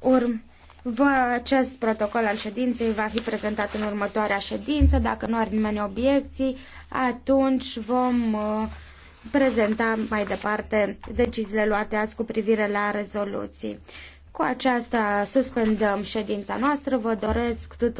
Urm. Vă, acest protocol al ședinței va fi prezentat în următoarea ședință. Dacă nu are nimeni obiecții, atunci vom uh, prezenta mai departe deciziile luate azi cu privire la rezoluții. Cu aceasta suspendăm ședința noastră. Vă doresc tuturor